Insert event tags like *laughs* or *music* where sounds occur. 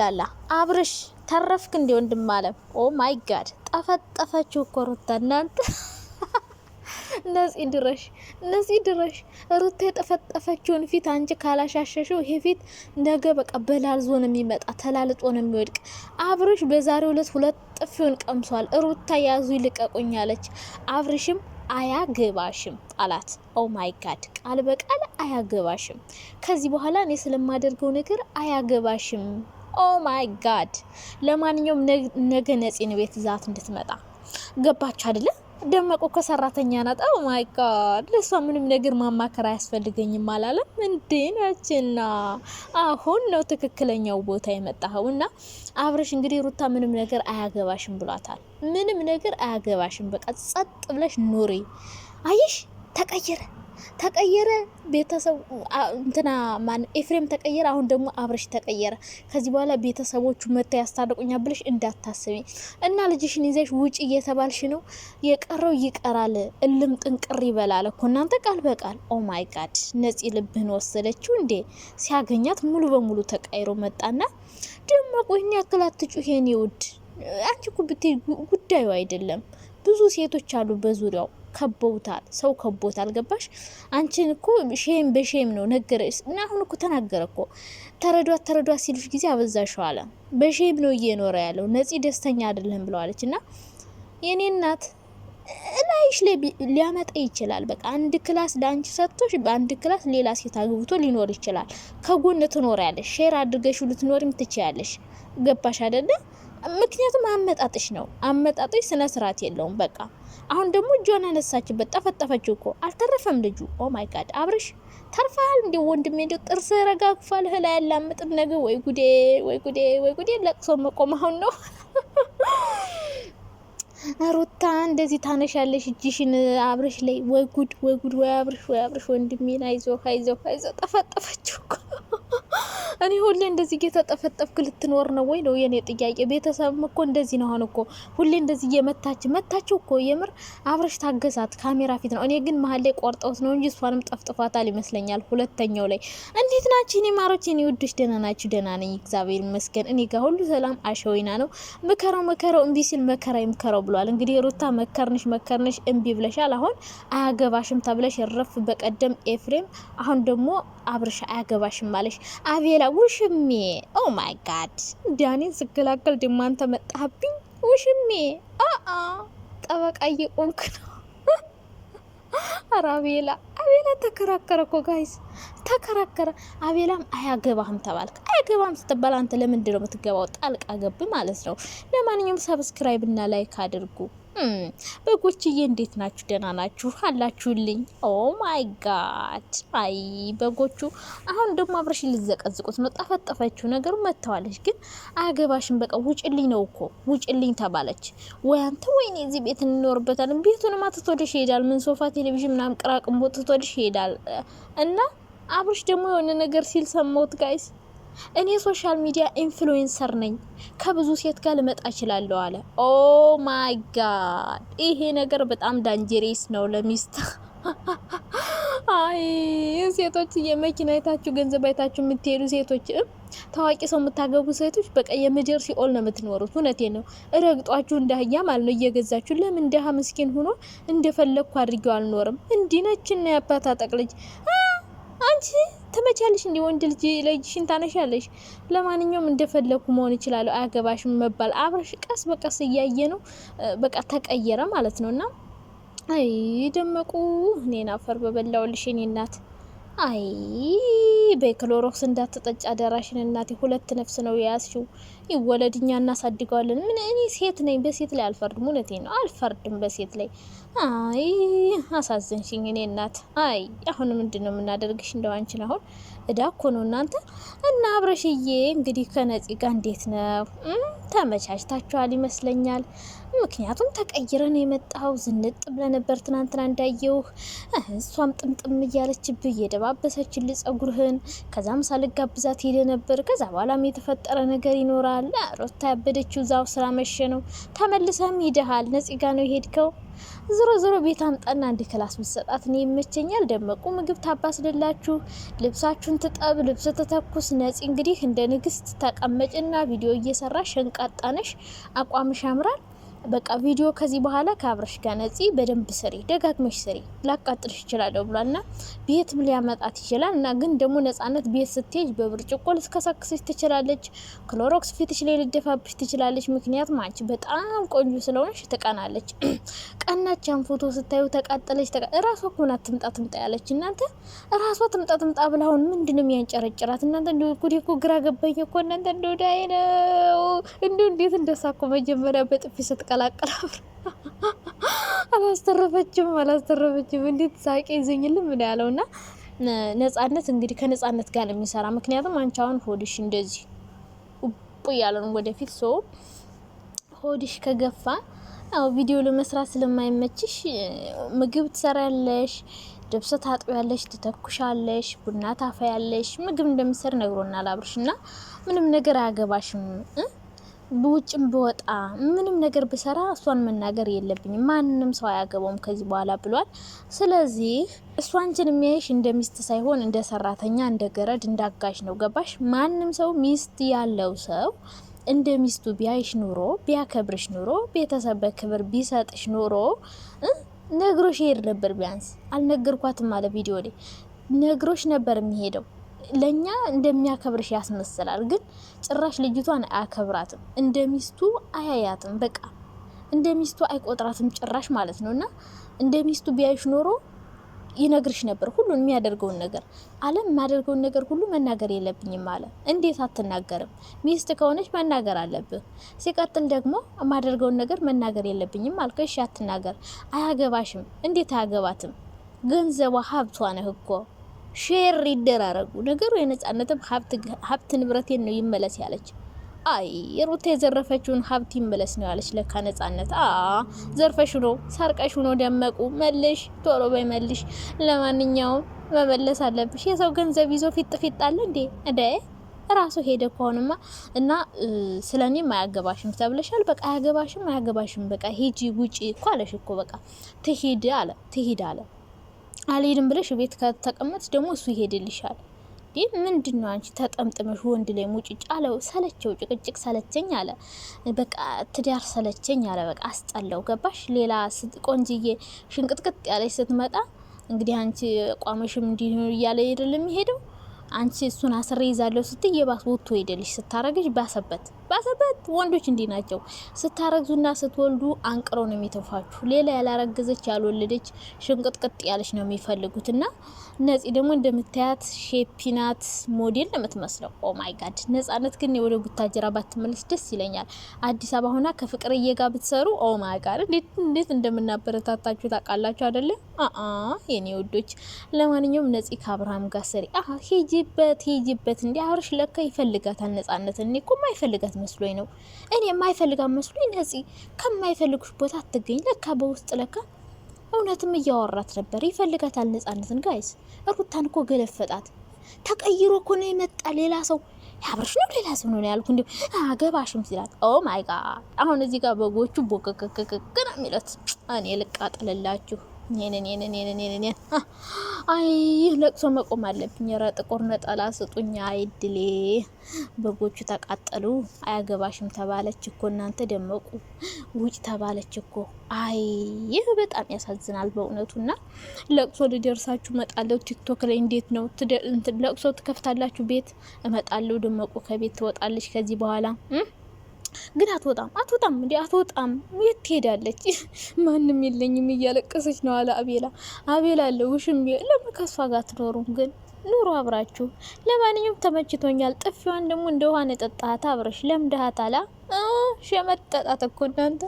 ዳላ አብርሽ ተረፍክ እንዲ ወንድም አለም። ኦ ማይ ጋድ ጠፈጠፈችው እኮ ሩታ እናንተ *laughs* ነፂ ድረሽ ነፂ ድረሽ ሩታ የጠፈጠፈችውን ፊት አንቺ ካላሻሸሽው ይሄ ፊት ነገ በቃ በላልዞ ነው የሚመጣ፣ ተላልጦ ነው የሚወድቅ። አብርሽ በዛሬው ዕለት ሁለት ጥፊውን ቀምሷል። ሩታ ያዙ ይልቀቁኝ አለች። አብርሽም አያገባሽም አላት። ኦ ማይ ጋድ ቃል በቃል አያገባሽም። ከዚህ በኋላ እኔ ስለማደርገው ነገር አያገባሽም ኦ ማይ ጋድ። ለማንኛውም ነገ ነፂን ቤት ዛት እንድትመጣ ገባችሁ አይደለ? ደመቁ ከሰራተኛ ናት። ኦ ማይ ጋድ። ለእሷ ምንም ነገር ማማከር አያስፈልገኝም አላለም እንዴ? ናችና አሁን ነው ትክክለኛው ቦታ የመጣኸው። እና አብረሽ እንግዲህ ሩታ ምንም ነገር አያገባሽም ብሏታል። ምንም ነገር አያገባሽም፣ በቃ ጸጥ ብለሽ ኑሪ። አይሽ ተቀየረ ተቀየረ። ቤተሰብ እንትና ማን ኤፍሬም ተቀየረ። አሁን ደግሞ አብረሽ ተቀየረ። ከዚህ በኋላ ቤተሰቦቹ መጥተ ያስታርቁኛል ብለሽ እንዳታስቢ እና ልጅሽን ይዘሽ ውጭ እየተባልሽ ነው። የቀረው ይቀራል። እልም ጥንቅር ይበላል እኮ እናንተ ቃል በቃል ኦ ማይ ጋድ። ነፂ ልብህን ወሰደችው እንዴ? ሲያገኛት ሙሉ በሙሉ ተቀይሮ መጣና ደግሞ ቆይኛ ያክላት ጩሄን ይውድ አንቺ እኮ ብትይ ጉዳዩ አይደለም። ብዙ ሴቶች አሉ በዙሪያው ከቦታል፣ ሰው ከቦታል። ገባሽ? አንቺን እኮ ሼም በሼም ነው ነገረ እና አሁን እኮ ተናገረ እኮ ተረዷት፣ ተረዷት ሲሉሽ ጊዜ አበዛሽው አለ። በሼም ነው እየኖረ ያለው ነፂ ደስተኛ አይደለም ብለዋለች። እና የኔ እናት ላይሽ ሊያመጣ ይችላል። በቃ አንድ ክላስ ለአንቺ ሰጥቶሽ በአንድ ክላስ ሌላ ሴት አግብቶ ሊኖር ይችላል። ከጎን ትኖር ያለሽ ሼር አድርገሽ ልትኖሪም ትችያለሽ። ገባሽ አይደለም? ምክንያቱም አመጣጥሽ ነው። አመጣጥሽ ስነ ስርዓት የለውም። በቃ አሁን ደግሞ እጇን አነሳችበት፣ ጠፈጠፈችው እኮ አልተረፈም ልጁ። ኦ ማይ ጋድ አብርሽ ተርፋል እንዲ ወንድሜ፣ ደ ጥርስ ረጋግፋል። ህላ ያላምጥም ነገ። ወይ ጉዴ፣ ወይ ጉዴ፣ ወይ ጉዴ! ለቅሶ መቆም አሁን ነው። *laughs* ሩታ እንደዚህ ታነሻለሽ እጅሽን አብርሽ ላይ። ወይ ጉድ፣ ወይ ጉድ፣ ወይ አብርሽ፣ ወይ አብርሽ፣ ወንድሜን አይዞህ፣ አይዞህ፣ አይዞህ። ጠፈጠፈችው እኮ እኔ ሁሌ እንደዚህ እየተጠፈጠፍክ ልትኖር ነው ወይ ነው የኔ ጥያቄ። ቤተሰብም እኮ እንደዚህ ነው አሁን እኮ ሁሌ እንደዚህ እየመታች መታችው እኮ የምር አብረሽ ታገዛት ካሜራ ፊት ነው። እኔ ግን መሀል ላይ ቆርጠውት ነው እንጂ እሷንም ጠፍጥፏታል ይመስለኛል። ሁለተኛው ላይ እንዴት ናችሁ የኔ ማሮች፣ የኔ ውዶች? ደህና ናችሁ? ደህና ነኝ እግዚአብሔር ይመስገን። እኔ ጋር ሁሉ ሰላም አሸወይና ነው። ምከረው መከረው እምቢ ሲል መከራ ይምከረው ብሏል። እንግዲህ ሩታ መከርንሽ መከርንሽ እምቢ ብለሻል። አሁን አያገባሽም ተብለሽ ረፍ በቀደም ኤፍሬም፣ አሁን ደግሞ አብረሽ አያገባሽም ማለሽ አቤላ ውሽሜ ኦ ማይ ጋድ ዳኔን ስገላገል ድማንተ መጣህብኝ። ውሽሜ አአ ጠበቃ እየቆንክ ነው። ኧረ *laughs* አቤላ አቤላ ተከራከረ እኮ ጋይስ ተከራከረ። አቤላም አያገባህም ተባልክ። አያገባህም ስትባል አንተ ለምንድን ነው የምትገባው? ጣልቃ ገብ ማለት ነው። ለማንኛውም ሰብስክራይብ እና ላይክ አድርጉ። በጎችዬ እንዴት ናችሁ? ደህና ናችሁ አላችሁልኝ? ኦ ማይ ጋድ! አይ በጎቹ አሁን ደግሞ አብረሽ ልዘቀዝቁት ነው። ጠፈጠፈችው ነገሩ መጥተዋለች። ግን አገባሽን በቃ ውጭልኝ ነው እኮ ውጭልኝ ተባለች። ወይ አንተ ወይኔ እዚህ ቤት እንኖርበታለን። ቤቱንማ ትቶልሽ ይሄዳል። ምን ሶፋ፣ ቴሌቪዥን ምናምን ቅራቅንቦ ትቶልሽ ይሄዳል። እና አብረሽ ደግሞ የሆነ ነገር ሲል ሰማሁት ጋይስ እኔ ሶሻል ሚዲያ ኢንፍሉዌንሰር ነኝ፣ ከብዙ ሴት ጋር ልመጣ እችላለሁ አለ። ኦ ማይ ጋድ! ይሄ ነገር በጣም ዳንጀሬስ ነው ለሚስት *laughs* አይ ሴቶች የመኪና አይታችሁ ገንዘብ አይታችሁ የምትሄዱ ሴቶች ታዋቂ ሰው የምታገቡ ሴቶች በቃ የምድር ሲኦል ነው የምትኖሩት። እውነቴ ነው። ረግጧችሁ እንዳህያ ማለት ነው እየገዛችሁ። ለምን ድሀ ምስኪን ሆኖ እንደፈለግኩ አድርጌው አልኖርም። እንዲህ ያባታ ጠቅልጅ አንቺ ትመቻለሽ እንዲ ወንድ ልጅ ለጅሽን ታነሻለሽ። ለማንኛውም እንደፈለኩ መሆን እችላለሁ አያገባሽም መባል አብረሽ ቀስ በቀስ እያየ ነው በቃ ተቀየረ ማለት ነው። እና አይ ደመቁ እኔን አፈር በበላውልሽ እኔ እናት አይ በክሎሮክስ እንዳትጠጭ አደራሽን እናቴ፣ ሁለት ነፍስ ነው የያዝሽው። ይወለድ እኛ እናሳድገዋለን። ምን እኔ ሴት ነኝ፣ በሴት ላይ አልፈርድም። እውነቴ ነው፣ አልፈርድም በሴት ላይ። አይ አሳዘንሽኝ እኔ እናት። አይ አሁን ምንድን ነው የምናደርግሽ? እንደው አንቺን አሁን እዳ እኮ ነው እናንተ እና አብረሽዬ። እንግዲህ ከነፂ ጋር እንዴት ነው ተመቻችታችኋል? ይመስለኛል ምክንያቱም ተቀይረን የመጣው ዝንጥ ብለ ነበር ትናንትና እንዳየው እሷም ጥምጥም እያለችብህ እየደባበሰችልህ ጸጉርህን። ከዛም ሳልጋብዛት ሄደ ነበር። ከዛ በኋላም የተፈጠረ ነገር ይኖራል። ሮታ ያበደችው ዛው ስራ መሸ ነው። ተመልሰም ሂደሃል። ነፂ ጋ ነው የሄድከው። ዞሮ ዞሮ ቤት አምጣና አንድ ክላስ ብትሰጣት እኔ ይመቸኛል። ደመቁ ምግብ ታባስልላችሁ፣ ልብሳችሁን ትጠብ፣ ልብስ ተተኩስ። ነጽ እንግዲህ እንደ ንግስት ተቀመጭና ቪዲዮ እየሰራ ሸንቃጣነሽ አቋምሽ ያምራል። በቃ ቪዲዮ ከዚህ በኋላ ከአብረሽ ጋር ነፂ በደንብ ስሪ፣ ደጋግመሽ ስሪ፣ ላቃጥልሽ ይችላለሁ ብሏል እና ቤትም ሊያመጣት ይችላል እና ግን ደግሞ ነጻነት ቤት ስትሄጅ በብርጭቆ ልትከሳክስሽ ትችላለች። ክሎሮክስ ፊትሽ ላይ ልደፋብሽ ትችላለች። ምክንያቱም አንቺ በጣም ቆንጆ ስለሆነሽ ትቀናለች። *clears throat* ቀናቻን ፎቶ ስታዩ ተቃጠለች። እራሷ ኮና ትምጣ ትምጣ ያለች እናንተ እራሷ ትምጣ ትምጣ ብላ አሁን ምንድነው የሚያንጨረጭራት እናንተ? እንደ ጉዴ እኮ ግራ ገባኝ እኮ እናንተ እንደ ወዳይ ነው እንዲ እንዴት እንደሳኮ መጀመሪያ በጥፊ ስትቀ ሳቀላቀል አላስተረፈችም አላስተረፈችም። እንዴት ሳቄ ይዘኝልም ምን ያለው እና ነጻነት እንግዲህ ከነጻነት ጋር የሚሰራ ምክንያቱም አንቺ አሁን ሆድሽ እንደዚህ ቁ እያለ ነው ወደፊት ሰው ሆድሽ ከገፋ ያው ቪዲዮ ለመስራት ስለማይመችሽ ምግብ ትሰራያለሽ፣ ልብስ ታጥቢያለሽ፣ ትተኩሻለሽ፣ ቡና ታፈያለሽ። ምግብ እንደምሰር ነግሮናል አብርሽ እና ምንም ነገር አያገባሽም። በውጭም ብወጣ ምንም ነገር ብሰራ እሷን መናገር የለብኝም ማንም ሰው አያገባውም ከዚህ በኋላ ብሏል። ስለዚህ እሷ አንቺን የሚያይሽ እንደ ሚስት ሳይሆን እንደ ሰራተኛ፣ እንደ ገረድ፣ እንዳጋሽ ነው። ገባሽ? ማንም ሰው ሚስት ያለው ሰው እንደ ሚስቱ ቢያይሽ ኑሮ ቢያከብርሽ ኑሮ ቤተሰብ በክብር ቢሰጥሽ ኑሮ ነግሮሽ ይሄድ ነበር። ቢያንስ አልነገርኳትም አለ ቪዲዮ ላይ ነግሮሽ ነበር የሚሄደው ለእኛ እንደሚያከብርሽ ያስመስላል፣ ግን ጭራሽ ልጅቷን አያከብራትም። እንደ ሚስቱ አያያትም። በቃ እንደ ሚስቱ አይቆጥራትም ጭራሽ ማለት ነው። እና እንደ ሚስቱ ቢያይሽ ኖሮ ይነግርሽ ነበር ሁሉን የሚያደርገውን ነገር። አለም የማደርገውን ነገር ሁሉ መናገር የለብኝም አለ። እንዴት አትናገርም? ሚስት ከሆነች መናገር አለብህ። ሲቀጥል ደግሞ የማደርገውን ነገር መናገር የለብኝም አልከ። እሺ አትናገር። አያገባሽም። እንዴት አያገባትም? ገንዘቧ ሀብቷ ነህ እኮ ሼር ይደራረጉ። ነገሩ የነጻነትም ሀብት ንብረቴን ነው ይመለስ ያለች። አይ ሩታ የዘረፈችውን ሀብት ይመለስ ነው ያለች። ለካ ነጻነት አ ዘርፈሽ ነው ሰርቀሽ ነው ደመቁ መልሽ፣ ቶሎ በይ መልሽ። ለማንኛውም መመለስ አለብሽ። የሰው ገንዘብ ይዞ ፊጥ ፊጥ አለ እንዴ? እንደ ራሱ ሄደ ከሆንማ እና ስለኔም አያገባሽም ተብለሻል። በቃ አያገባሽም፣ አያገባሽም። በቃ ሂጂ ውጪ እኮ አለሽ እኮ በቃ ትሂድ አለ ትሂድ አለ አልሄድም ብለሽ ቤት ከተቀመጥ ደግሞ እሱ ይሄድልሻል። ይህ ምንድን ነው? አንቺ ተጠምጥመሽ ወንድ ላይ ሙጭጭ አለው። ሰለቸው፣ ጭቅጭቅ ሰለቸኝ አለ። በቃ ትዳር ሰለቸኝ አለ። በቃ አስጠላው። ገባሽ? ሌላ ቆንጅዬ ሽንቅጥቅጥ ያለች ስትመጣ እንግዲህ አንቺ ቋመሽም እንዲህ እያለ ሄደል የሚሄደው አንቺ እሱን አስሬ ይዛለሁ ስትይ የባስ ወጥቶ ሄደልሽ ስታረግሽ ባሰበት ባሰበት ወንዶች እንዲህ ናቸው። ስታረግዙና ስትወልዱ አንቅረው ነው የሚተፋችሁ። ሌላ ያላረገዘች ያልወለደች ሽንቅጥቅጥ ያለች ነው የሚፈልጉት። እና ነፂ ደግሞ እንደምታያት ሼፒናት ሞዴል ነው የምትመስለው። ኦ ማይ ጋድ ነጻነት ግን ወደ ቡታጅራ ባትመለስ ደስ ይለኛል። አዲስ አበባ ሆና ከፍቅር እየጋ ብትሰሩ ኦ ማይ ጋድ እንዴት እንደምናበረታታችሁ ታውቃላችሁ አይደለ? አ የኔ ውዶች፣ ለማንኛውም ነፂ ከአብርሃም ጋር ስሪ። ሄጂበት ሄጂበት። እንዲ አብርሽ ለካ ይፈልጋታል ነጻነት። እኔ እኮ አይፈልጋት መስሎኝ ነው። እኔ የማይፈልጋት መስሎኝ ነፂ ከማይፈልጉሽ ቦታ አትገኝ። ለካ በውስጥ ለካ እውነትም እያወራት ነበር። ይፈልጋታል ነጻነትን። ጋይስ ሩታን እኮ ገለፈጣት። ተቀይሮ እኮ ነው የመጣ ሌላ ሰው ያብርሽ ነው ሌላ ሰው ነው ያልኩ። እንዲ አገባሽም ሲላት ኦ ማይ ጋድ! አሁን እዚህ ጋር በጎቹ ቦከከከከ ነው የሚለት። እኔ ልቃጥልላችሁ ይሄንን ይሄንን ይሄንን ይሄንን አይ ለቅሶ መቆም አለብኝ። ኧረ ጥቁር ነጠላ ስጡኝ። አይድሌ በጎቹ ተቃጠሉ። አያገባሽም ተባለች እኮ እናንተ ደመቁ። ውጭ ተባለች እኮ። አይ ይህ በጣም ያሳዝናል በእውነቱ እና ለቅሶ ልደርሳችሁ እመጣለሁ። ቲክቶክ ላይ እንዴት ነው ለቅሶ ትከፍታላችሁ? ቤት እመጣለሁ። ደመቁ ከቤት ትወጣለች ከዚህ በኋላ ግን አትወጣም አትወጣም እንዲ አትወጣም፣ የት ትሄዳለች? *laughs* ማንም የለኝም እያለቀሰች ነው አለ አቤላ። አቤላ አለ ውሽም ለምን ከሷ ጋር አትኖሩም? ግን ኑሮ አብራችሁ። ለማንኛውም ተመችቶኛል። ጥፊዋን ደግሞ እንደ ውሃ ነጠጣሃት፣ አብረሽ ለምደሃት አላ ሸመጠጣት እኮ እናንተ